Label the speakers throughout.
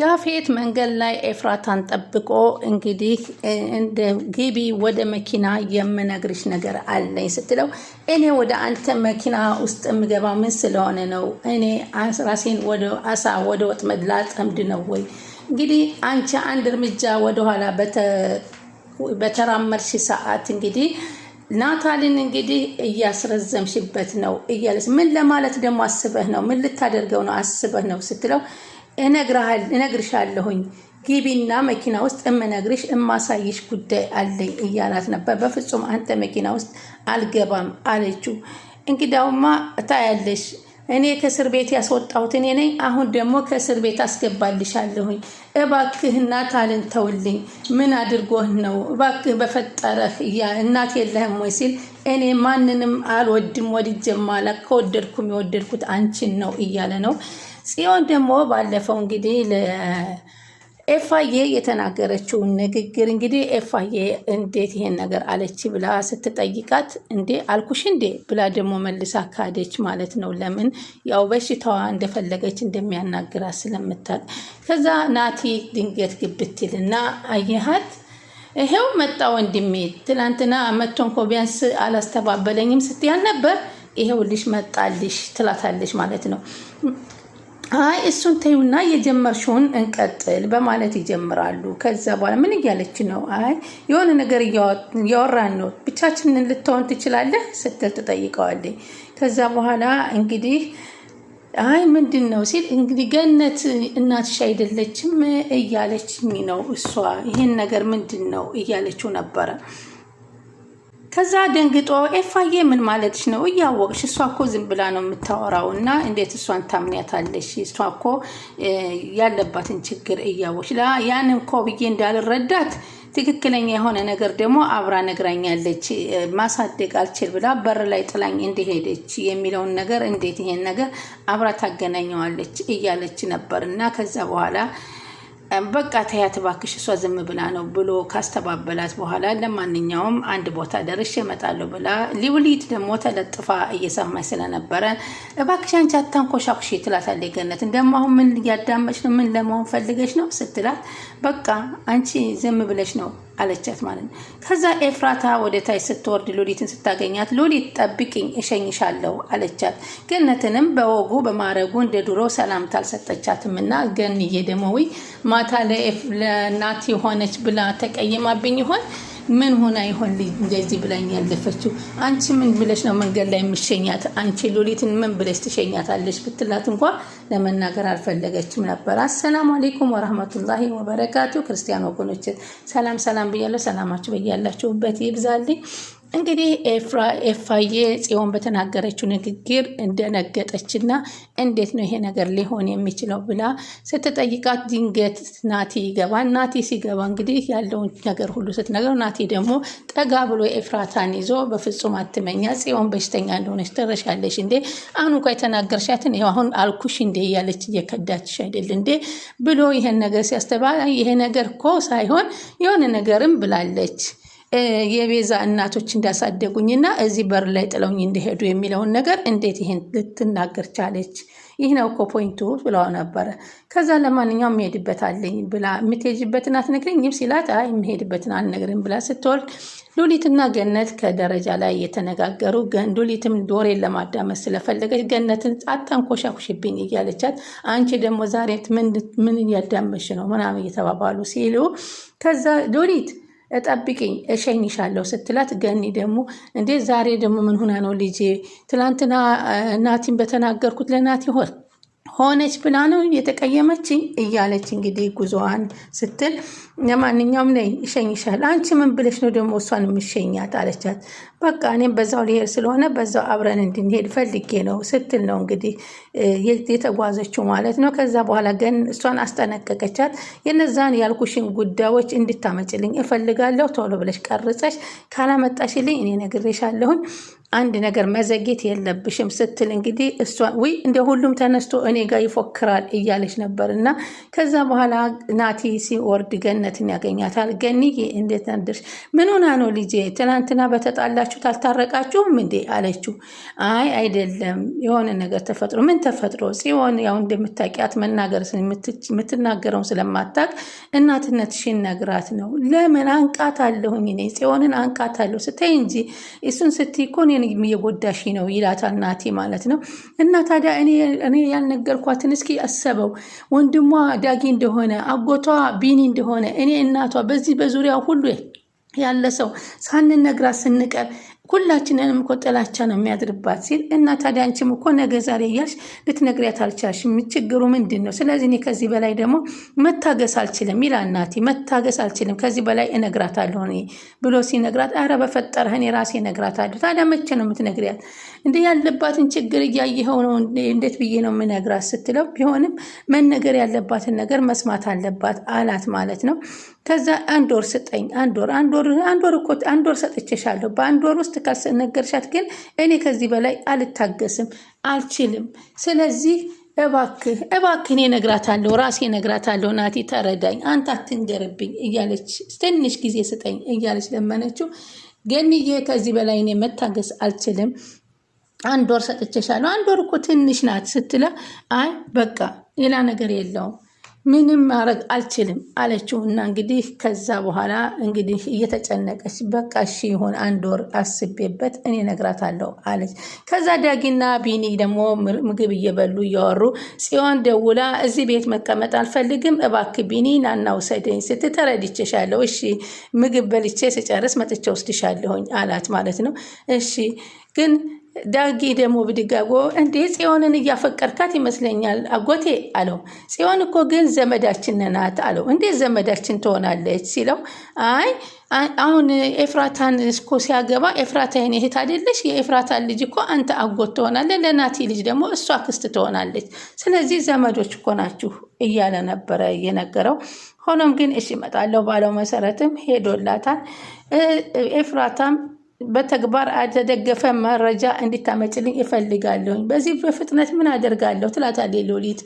Speaker 1: ያፌት መንገድ ላይ ኤፍራታን ጠብቆ እንግዲህ እንደ ግቢ ወደ መኪና የምነግርሽ ነገር አለኝ ስትለው እኔ ወደ አንተ መኪና ውስጥ የምገባ ምን ስለሆነ ነው? እኔ ራሴን ወደ አሳ ወደ ወጥመድ ላጠምድ ነው ወይ? እንግዲህ አንቺ አንድ እርምጃ ወደኋላ በተራመርሽ ሰዓት እንግዲህ ናታልን እንግዲህ እያስረዘምሽበት ነው እያለች ምን ለማለት ደግሞ አስበህ ነው? ምን ልታደርገው ነው አስበህ ነው ስትለው እነግርሻለሁኝ ግቢና መኪና ውስጥ እምነግርሽ እማሳይሽ ጉዳይ አለኝ እያላት ነበር። በፍጹም አንተ መኪና ውስጥ አልገባም አለችው። እንግዳውማ ታያለሽ፣ እኔ ከእስር ቤት ያስወጣሁት እኔ ነኝ። አሁን ደግሞ ከእስር ቤት አስገባልሻለሁኝ። እባክህና ታልን ተውልኝ። ምን አድርጎህ ነው እባክህ በፈጠረህ እያ እናት የለህም ወይ ሲል እኔ ማንንም አልወድም፣ ወድጀ ማላ ከወደድኩም የወደድኩት አንቺን ነው እያለ ነው ጽዮን ደግሞ ባለፈው እንግዲህ ለኤፋዬ የተናገረችውን ንግግር እንግዲህ ኤፋዬ እንዴት ይሄን ነገር አለች ብላ ስትጠይቃት እንዴ አልኩሽ እንዴ ብላ ደግሞ መልሳ ካደች ማለት ነው። ለምን ያው በሽታዋ እንደፈለገች እንደሚያናግራት ስለምታል ከዛ ናቲ ድንገት ግብትል እና አየሃት ይሄው መጣ ወንድሜ፣ ትላንትና መቶን እኮ ቢያንስ አላስተባበለኝም ስትያል ነበር፣ ልሽ መጣልሽ ትላታለች ማለት ነው። አይ እሱን ተዩና የጀመርሽውን እንቀጥል በማለት ይጀምራሉ። ከዛ በኋላ ምን እያለች ነው? አይ የሆነ ነገር እያወራን ነው፣ ብቻችንን ልትሆን ትችላለህ ስትል ትጠይቀዋለች። ከዛ በኋላ እንግዲህ አይ ምንድን ነው ሲል እንግዲህ ገነት እናትሽ አይደለችም እያለችኝ ነው እሷ ይህን ነገር ምንድን ነው እያለችው ነበረ ከዛ ደንግጦ ኤፋዬ ምን ማለትሽ ነው? እያወቅሽ እሷ ኮ ዝም ብላ ነው የምታወራው እና እንዴት እሷን ታምኛታለሽ? እሷ ኮ ያለባትን ችግር እያወቅሽ ያን ኮ ብዬ እንዳልረዳት ትክክለኛ የሆነ ነገር ደግሞ አብራ ነግራኛለች። ማሳደግ አልችል ብላ በር ላይ ጥላኝ እንደሄደች የሚለውን ነገር እንዴት ይሄን ነገር አብራ ታገናኘዋለች እያለች ነበር እና ከዛ በኋላ በቃ ተያት እባክሽ እሷ ዝም ብላ ነው ብሎ ካስተባበላት በኋላ ለማንኛውም አንድ ቦታ ደርሼ እመጣለሁ ብላ ሊውሊት ደግሞ ተለጥፋ እየሰማች ስለነበረ እባክሽ አንቺ አታንኮሻኩሽ ትላታለች ገነት። እንደውም አሁን ምን እያዳመች ነው? ምን ለመሆን ፈልገች ነው ስትላት፣ በቃ አንቺ ዝም ብለች ነው አለቻት ማለት ነው። ከዛ ኤፍራታ ወደ ታች ስትወርድ ሉሊትን ስታገኛት ሉሊት ጠብቅኝ እሸኝሻለሁ አለቻት። ገነትንም በወጉ በማረጉ እንደ ድሮ ሰላምታ አልሰጠቻትም እና ገንዬ ደግሞ ወይ ማታ ለናት የሆነች ብላ ተቀይማብኝ ይሆን ምን ሆና ይሆን እንደዚህ ብላኝ ያለፈችው? አንቺ ምን ብለሽ ነው መንገድ ላይ የምሸኛት አንቺ ሎሊትን ምን ብለሽ ትሸኛታለሽ ብትላት እንኳ ለመናገር አልፈለገችም ነበር። አሰላሙ አሌይኩም ወራህመቱላሂ ወበረካቱ። ክርስቲያን ወገኖችን ሰላም ሰላም ብያለሁ። ሰላማችሁ በያላችሁበት ይብዛልኝ። እንግዲህ ኤፍራ ኤፋዬ ጽዮን በተናገረችው ንግግር እንደነገጠችና እንዴት ነው ይሄ ነገር ሊሆን የሚችለው ብላ ስትጠይቃት ድንገት ናቲ ይገባ። ናቲ ሲገባ እንግዲህ ያለውን ነገር ሁሉ ስትነግረው፣ ናቲ ደግሞ ጠጋ ብሎ ኤፍራታን ይዞ በፍጹም አትመኛ፣ ጽዮን በሽተኛ እንደሆነች ትረሻለሽ እንዴ? አሁን እንኳ የተናገርሻትን አሁን አልኩሽ እንዴ እያለች እየከዳችሽ አይደል እንዴ ብሎ ይሄን ነገር ሲያስተባ ይሄ ነገር እኮ ሳይሆን የሆነ ነገርም ብላለች የቤዛ እናቶች እንዳሳደጉኝና እዚህ በር ላይ ጥለውኝ እንደሄዱ የሚለውን ነገር እንዴት ይህን ልትናገር ቻለች? ይህ ነው እኮ ፖይንቱ ብለው ነበረ። ከዛ ለማንኛውም የምሄድበት አለኝ ብላ የምትሄጅበትን አትነግረኝም ሲላት አይ የምሄድበትን አልነግርም ብላ ስትወርድ ሉሊትና ገነት ከደረጃ ላይ የተነጋገሩ ሉሊትም ዶሬን ለማዳመስ ስለፈለገች ገነትን አታንኮሻኩሽብኝ እያለቻት አንቺ ደግሞ ዛሬ ምን እያዳመሽ ነው ምናምን እየተባባሉ ሲሉ ከዛ ሉሊት ጠብቂኝ እሸኝሻለሁ ስትላት፣ ገኒ ደግሞ እንዴት ዛሬ ደግሞ ምን ሁና ነው ልጄ? ትላንትና ናቲን በተናገርኩት ለናቲ ሆን ሆነች ብላ ነው የተቀየመችኝ እያለች እንግዲህ ጉዞዋን ስትል ለማንኛውም ነይ ይሸኝሻል። አንቺ ምን ብለሽ ነው ደግሞ እሷን የምሸኛት አለቻት። በቃ እኔም በዛው ሊሄድ ስለሆነ በዛው አብረን እንድንሄድ ፈልጌ ነው ስትል ነው እንግዲህ የተጓዘችው ማለት ነው። ከዛ በኋላ ግን እሷን አስጠነቀቀቻት። የነዛን ያልኩሽን ጉዳዮች እንድታመጭልኝ እፈልጋለሁ። ቶሎ ብለሽ ቀርጸሽ ካላመጣሽልኝ እኔ ነግሬሻለሁኝ አንድ ነገር መዘጌት የለብሽም ስትል እንግዲህ እሷ ውይ እንደ ሁሉም ተነስቶ እኔ ጋር ይፎክራል እያለች ነበር። እና ከዛ በኋላ ናቲ ሲወርድ ገነትን ያገኛታል። ገኒዬ እንዴት ምን ሆና ነው ልጄ? ትናንትና በተጣላችሁት አልታረቃችሁም እንዴ? አለችው። አይ አይደለም፣ የሆነ ነገር ተፈጥሮ። ምን ተፈጥሮ? ጽዮን ያው እንደምታውቂያት መናገር የምትናገረውን ስለማታቅ እናትነትሽን ነግራት ነው። ለምን አንቃት አለሁኝ እኔ ጽዮንን አንቃት አለሁ። ስተይ እንጂ እሱን ስትይ እኮ እኔ እኔን እየጎዳሽ ነው ይላታል እናቴ ማለት ነው። እና ታዲያ እኔ ያልነገርኳትን እስኪ አሰበው ወንድሟ ዳጊ እንደሆነ አጎቷ ቢኒ እንደሆነ እኔ እናቷ በዚህ በዙሪያ ሁሉ ያለ ሰው ሳንነግራት ስንቀር ሁላችንንም እኮ ጥላቻ ነው የሚያድርባት ሲል እና ታዲያ አንቺም እኮ ነገ ዛሬ እያልሽ ልትነግሪያት አልቻልሽም። ችግሩ ምንድን ነው? ስለዚህ እኔ ከዚህ በላይ ደግሞ መታገስ አልችልም ይላል ናቲ። መታገስ አልችልም ከዚህ በላይ እነግራታለሁ ብሎ ሲነግራት፣ አረ በፈጠረህን የራሴ እነግራታለሁ። ታዲያ መቼ ነው የምትነግሪያት? እንደ ያለባትን ችግር እያየኸው ነው እንዴት ብዬ ነው የምነግራት ስትለው ቢሆንም መነገር ያለባትን ነገር መስማት አለባት አላት ማለት ነው። ከዛ አንድ ወር ስጠኝ፣ አንድ ወር አንድ ወር አንድ ወር እኮ አንድ ወር ሰጥቼሻለሁ። በአንድ ወር ውስጥ ካልነገርሻት ግን እኔ ከዚህ በላይ አልታገስም፣ አልችልም። ስለዚህ እባክህ እባክህ እኔ እነግራታለሁ፣ ራሴ እነግራታለሁ። ናቲ ተረዳኝ፣ አንተ አትንገርብኝ እያለች ትንሽ ጊዜ ስጠኝ እያለች ለመነችው። ገንዬ ከዚህ በላይ እኔ መታገስ አልችልም አንድ ወር ሰጥቼሻለሁ፣ አንድ ወር እኮ ትንሽ ናት ስትለ አይ በቃ ሌላ ነገር የለውም ምንም ማድረግ አልችልም አለችው። እና እንግዲህ ከዛ በኋላ እንግዲህ እየተጨነቀች በቃ እሺ ይሆን አንድ ወር አስቤበት እኔ እነግራታለሁ አለች። ከዛ ዳጊና ቢኒ ደግሞ ምግብ እየበሉ እያወሩ ጽዮን ደውላ እዚህ ቤት መቀመጥ አልፈልግም፣ እባክ ቢኒ ናና ውሰደኝ ስትል እሺ ምግብ በልቼ ስጨርስ መጥቼ ውስድሻለሁኝ አላት ማለት ነው። እሺ ግን ዳጊ ደግሞ ብድጋጎ እንዴ ጽዮንን እያፈቀርካት ይመስለኛል አጎቴ አለው። ጽዮን እኮ ግን ዘመዳችን ናት አለው። እንዴት ዘመዳችን ትሆናለች ሲለው አይ አሁን ኤፍራታን እኮ ሲያገባ ኤፍራታ የኔ እህት አይደለች? የኤፍራታን ልጅ እኮ አንተ አጎት ትሆናለህ፣ ለናቲ ልጅ ደግሞ እሷ ክስት ትሆናለች። ስለዚህ ዘመዶች እኮ ናችሁ እያለ ነበረ እየነገረው። ሆኖም ግን እሺ እመጣለሁ ባለው መሰረትም ሄዶላታል ኤፍራታም በተግባር አልተደገፈ መረጃ እንድታመጭልኝ እፈልጋለሁኝ። በዚህ በፍጥነት ምን አደርጋለሁ ትላታለች ሎሊት።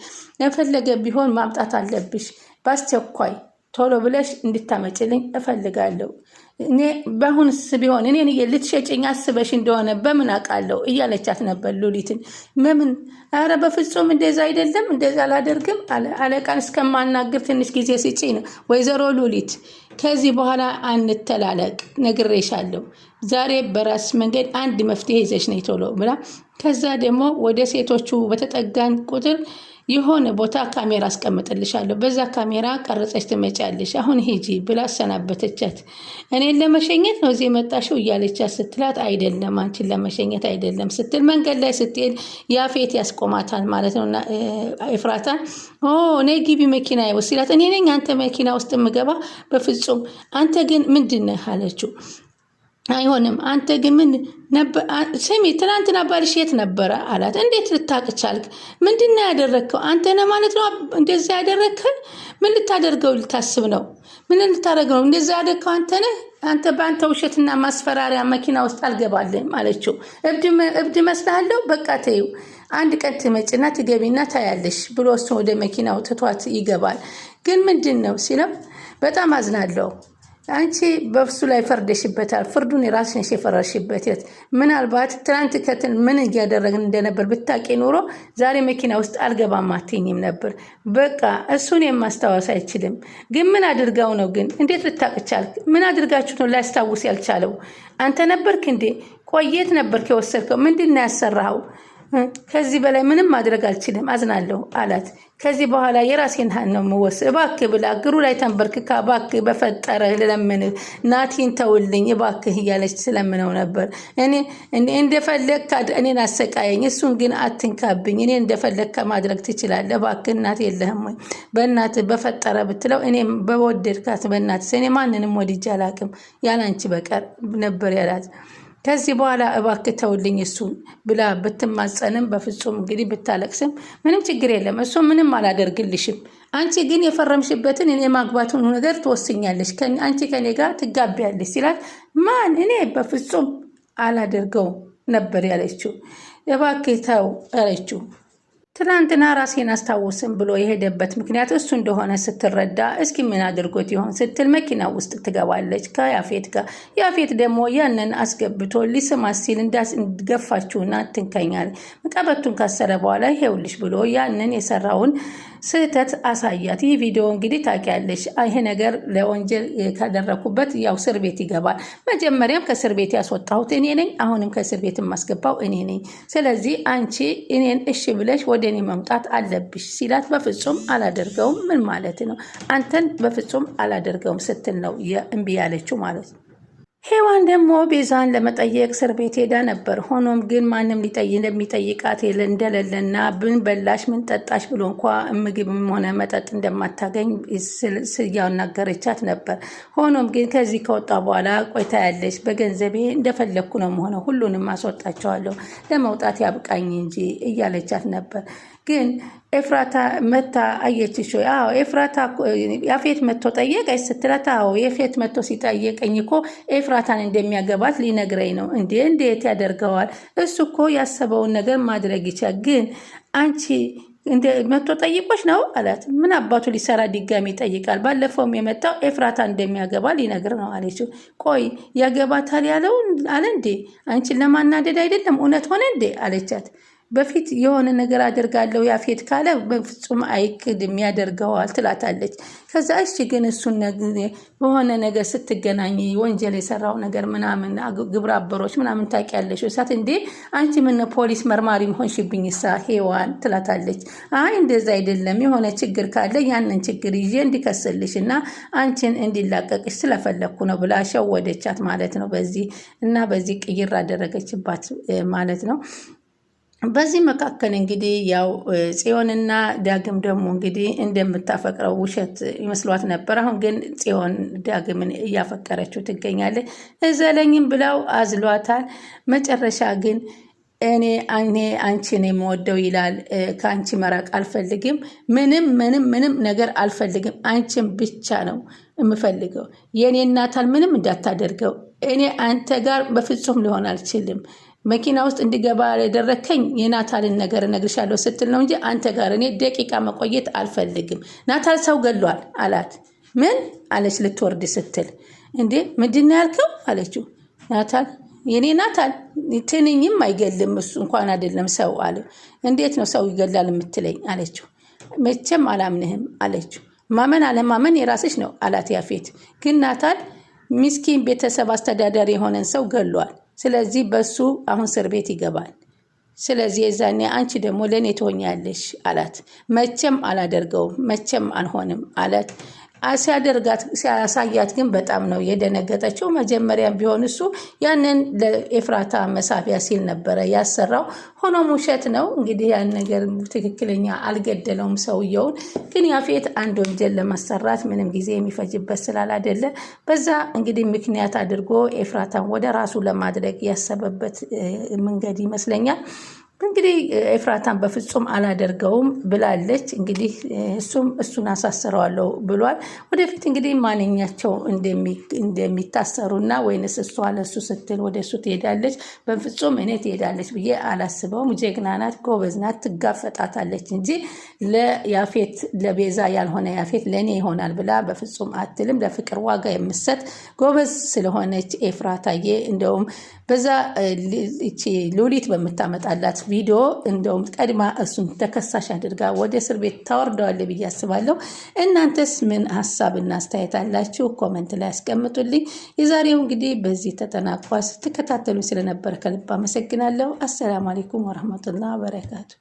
Speaker 1: የፈለገ ቢሆን ማምጣት አለብሽ፣ በአስቸኳይ ቶሎ ብለሽ እንድታመጭልኝ እፈልጋለሁ እኔ በአሁንስ ቢሆን እኔን ልትሸጭኝ አስበሽ እንደሆነ በምን አውቃለሁ እያለቻት ነበር ሉሊትን። በምን ኧረ በፍጹም እንደዛ አይደለም፣ እንደዛ አላደርግም። አለቃን እስከማናግር ትንሽ ጊዜ ስጪ ነው። ወይዘሮ ሉሊት ከዚህ በኋላ አንተላለቅ፣ ነግሬሻለሁ። ዛሬ በራስ መንገድ አንድ መፍትሄ ይዘሽ ነይ ቶሎ ብላ ከዛ ደግሞ ወደ ሴቶቹ በተጠጋን ቁጥር የሆነ ቦታ ካሜራ አስቀምጥልሻለሁ፣ በዛ ካሜራ ቀርጸሽ ትመጫለሽ፣ አሁን ሂጂ ብላ አሰናበተቻት። እኔን ለመሸኘት ነው እዚህ የመጣሽው እያለቻት ስትላት፣ አይደለም አንቺን ለመሸኘት አይደለም ስትል መንገድ ላይ ስትሄድ ያፌት ያስቆማታል ማለት ነው። ኤፍራታ እኔ ግቢ መኪና ይወስዳት እኔ ነኝ አንተ መኪና ውስጥ የምገባ በፍጹም አንተ ግን ምንድን ነህ አለችው። አይሆንም። አንተ ግን ምን ስሚ፣ ትናንትና ባልሽ የት ነበረ አላት። እንዴት ልታቅ ቻልክ? ምንድን ያደረግከው አንተ ነህ ማለት ነው? እንደዚያ ያደረግከን ምን ልታደርገው ልታስብ ነው? ምን ልታደርገው ነው? እንደዛ ያደረግከው አንተ ነህ። አንተ በአንተ ውሸትና ማስፈራሪያ መኪና ውስጥ አልገባልም አለችው። እብድ መስላለሁ። በቃ ተይው አንድ ቀን ትመጭና ትገቢና ታያለሽ ብሎ እሱን ወደ መኪናው ትቷት ይገባል። ግን ምንድን ነው ሲለም በጣም አዝናለሁ አንቺ በእሱ ላይ ፈርደሽበታል። ፍርዱን የራስሽን ነሽ የት ምናልባት ትናንት ከትን ምን እያደረግን እንደነበር ብታቂ ኖሮ ዛሬ መኪና ውስጥ አልገባም አትይኝም ነበር። በቃ እሱን የማስታወስ አይችልም። ግን ምን አድርጋው ነው ግን? እንዴት ልታውቅ ቻልክ? ምን አድርጋችሁ ነው ላያስታውስ ያልቻለው? አንተ ነበርክ እንዴ? ቆየት ነበርክ የወሰድከው? ምንድን ነው ያሰራኸው? ከዚህ በላይ ምንም ማድረግ አልችልም፣ አዝናለሁ አላት። ከዚህ በኋላ የራሴን ሀን ነው የምወስድ። እባክህ ብላ እግሩ ላይ ተንበርክካ እባክህ በፈጠረ ልለምንህ፣ ናቲን ተውልኝ እባክህ እያለች ስለምነው ነበር። እኔ እንደፈለግካ እኔን አሰቃየኝ፣ እሱን ግን አትንካብኝ። እኔ እንደፈለግካ ማድረግ ትችላለህ። እባክህ እናት የለህም ወይ? በእናትህ በፈጠረ ብትለው እኔ በወደድካት በእናትህ እኔ ማንንም ወድጄ አላውቅም ያላንቺ በቀር ነበር ያላት። ከዚህ በኋላ እባክህ ተውልኝ እሱን ብላ ብትማጸንም በፍጹም እንግዲህ ብታለቅስም ምንም ችግር የለም እሱ ምንም አላደርግልሽም። አንቺ ግን የፈረምሽበትን እኔ ማግባቱን ነገር ትወስኛለች፣ አንቺ ከኔ ጋር ትጋቢያለች ሲላት ማን እኔ በፍጹም አላደርገው ነበር ያለችው። እባክህ ተው አለችው። ትናንትና ራሴን አስታውስም ብሎ የሄደበት ምክንያት እሱ እንደሆነ ስትረዳ እስኪ ምን አድርጎት ይሆን ስትል መኪና ውስጥ ትገባለች ከያፌት ጋር። ያፌት ደግሞ ያንን አስገብቶ ሊስማ ሲል እንዳስገፋችሁና ትንከኛል ቀበቱን ካሰረ በኋላ ይሄውልሽ ብሎ ያንን የሰራውን ስህተት አሳያት። ይህ ቪዲዮ እንግዲህ ታውቂያለሽ፣ ይሄ ነገር ለወንጀል ካደረኩበት ያው እስር ቤት ይገባል። መጀመሪያም ከእስር ቤት ያስወጣሁት እኔ ነኝ፣ አሁንም ከእስር ቤት የማስገባው እኔ ነኝ። ስለዚህ አንቺ እኔን እሺ ብለሽ ወደ እኔ መምጣት አለብሽ ሲላት፣ በፍጹም አላደርገውም ምን ማለት ነው አንተን በፍጹም አላደርገውም ስትል ነው እምቢ ያለችው ማለት ነው። ሄዋን ደግሞ ቤዛን ለመጠየቅ እስር ቤት ሄዳ ነበር። ሆኖም ግን ማንም እንደሚጠይቃት እንደሌለና ብን በላሽ ምን ጠጣሽ ብሎ እንኳ ምግብም ሆነ መጠጥ እንደማታገኝ ስያናገረቻት ነበር። ሆኖም ግን ከዚህ ከወጣ በኋላ ቆይታ ያለች በገንዘቤ እንደፈለግኩ ነው መሆነ ሁሉንም አስወጣቸዋለሁ ለመውጣት ያብቃኝ እንጂ እያለቻት ነበር። ግን ኤፍራታ መታ አየችሽ ወይ? አዎ ኤፍራታ ያፌት መቶ ጠየቀች ስትላት፣ አዎ የፌት መቶ ሲጠየቀኝ እኮ ኤፍራታን እንደሚያገባት ሊነግረኝ ነው። እንዴ እንዴት ያደርገዋል? እሱ እኮ ያሰበውን ነገር ማድረግ ይቻል። ግን አንቺ እንደ መቶ ጠይቆች ነው አላት። ምን አባቱ ሊሰራ ድጋሚ ይጠይቃል? ባለፈውም የመጣው ኤፍራታ እንደሚያገባ ሊነግር ነው አለችው። ቆይ ያገባታል ያለው አለ እንዴ? አንቺን ለማናደድ አይደለም እውነት ሆነ እንዴ አለቻት። በፊት የሆነ ነገር አደርጋለሁ ያፌት ካለ በፍጹም አይክድም ያደርገዋል ትላታለች። ከዛ እሺ ግን እሱን በሆነ ነገር ስትገናኝ ወንጀል የሰራው ነገር ምናምን ግብረ አበሮች ምናምን ታውቂያለሽ እሳት እንዴ አንቺ ምን ፖሊስ መርማሪ ሆንሽብኝ ሳ ሄዋን ትላታለች። አይ እንደዛ አይደለም የሆነ ችግር ካለ ያንን ችግር ይዤ እንዲከስልሽ እና አንቺን እንዲላቀቅሽ ስለፈለግኩ ነው ብላ ሸወደቻት ማለት ነው። በዚህ እና በዚህ ቅይር አደረገችባት ማለት ነው። በዚህ መካከል እንግዲህ ያው ጽዮንና ዳግም ደግሞ እንግዲህ እንደምታፈቅረው ውሸት ይመስሏት ነበር። አሁን ግን ጽዮን ዳግምን እያፈቀረችው ትገኛለች። እዘለኝም ብለው አዝሏታል። መጨረሻ ግን እኔ እኔ አንቺን የምወደው ይላል። ከአንቺ መራቅ አልፈልግም፣ ምንም ምንም ምንም ነገር አልፈልግም። አንቺን ብቻ ነው የምፈልገው። የእኔ እናታል ምንም እንዳታደርገው። እኔ አንተ ጋር በፍጹም ሊሆን አልችልም መኪና ውስጥ እንዲገባ ያደረከኝ የናታልን ነገር እነግርሻለሁ ስትል ነው እንጂ አንተ ጋር እኔ ደቂቃ መቆየት አልፈልግም። ናታል ሰው ገሏል አላት። ምን አለች ልትወርድ ስትል፣ እንዴ ምንድን ነው ያልከው አለችው። ናታል የኔ ናታል ትንኝም አይገልም እሱ እንኳን አይደለም ሰው አለ። እንዴት ነው ሰው ይገላል የምትለኝ አለችው። መቼም አላምንህም አለችው። ማመን አለማመን የራስሽ ነው አላት ያፌት። ግን ናታል ሚስኪን ቤተሰብ አስተዳዳሪ የሆነን ሰው ገሏል። ስለዚህ በሱ አሁን እስር ቤት ይገባል። ስለዚህ የዛኔ አንቺ ደግሞ ለእኔ ትሆኛለሽ አላት። መቼም አላደርገውም፣ መቼም አልሆንም አላት። ሲያደርጋት ሲያሳያት ግን በጣም ነው የደነገጠችው። መጀመሪያም ቢሆን እሱ ያንን ለኤፍራታ መሳቢያ ሲል ነበረ ያሰራው። ሆኖም ውሸት ነው እንግዲህ ያን ነገር ትክክለኛ አልገደለውም ሰውየውን። ግን ያፌት አንድ ወንጀል ለማሰራት ምንም ጊዜ የሚፈጅበት ስላላደለ በዛ እንግዲህ ምክንያት አድርጎ ኤፍራታን ወደ ራሱ ለማድረግ ያሰበበት መንገድ ይመስለኛል። እንግዲህ ኤፍራታን በፍጹም አላደርገውም ብላለች። እንግዲህ እሱም እሱን አሳስረዋለሁ ብሏል። ወደፊት እንግዲህ ማንኛቸው እንደሚታሰሩና ወይንስ እሷ ለሱ ስትል ወደ እሱ ትሄዳለች፣ በፍጹም እኔ ትሄዳለች ብዬ አላስበውም። ጀግና ናት፣ ጎበዝ ናት፣ ትጋፈጣታለች እንጂ ለያፌት ለቤዛ ያልሆነ ያፌት ለእኔ ይሆናል ብላ በፍጹም አትልም። ለፍቅር ዋጋ የምሰጥ ጎበዝ ስለሆነች ኤፍራታዬ እንደውም በዛ ሉሊት በምታመጣላት ቪዲዮ እንደውም ቀድማ እሱን ተከሳሽ አድርጋ ወደ እስር ቤት ታወርደዋለ ብዬ አስባለሁ። እናንተስ ምን ሀሳብና አስተያየት አላችሁ? ኮመንት ላይ ያስቀምጡልኝ። የዛሬው እንግዲህ በዚህ ተጠናቋ ስትከታተሉኝ ስለነበረ ከልብ አመሰግናለሁ። አሰላሙ አሌይኩም ወረህመቱላህ በረካቱ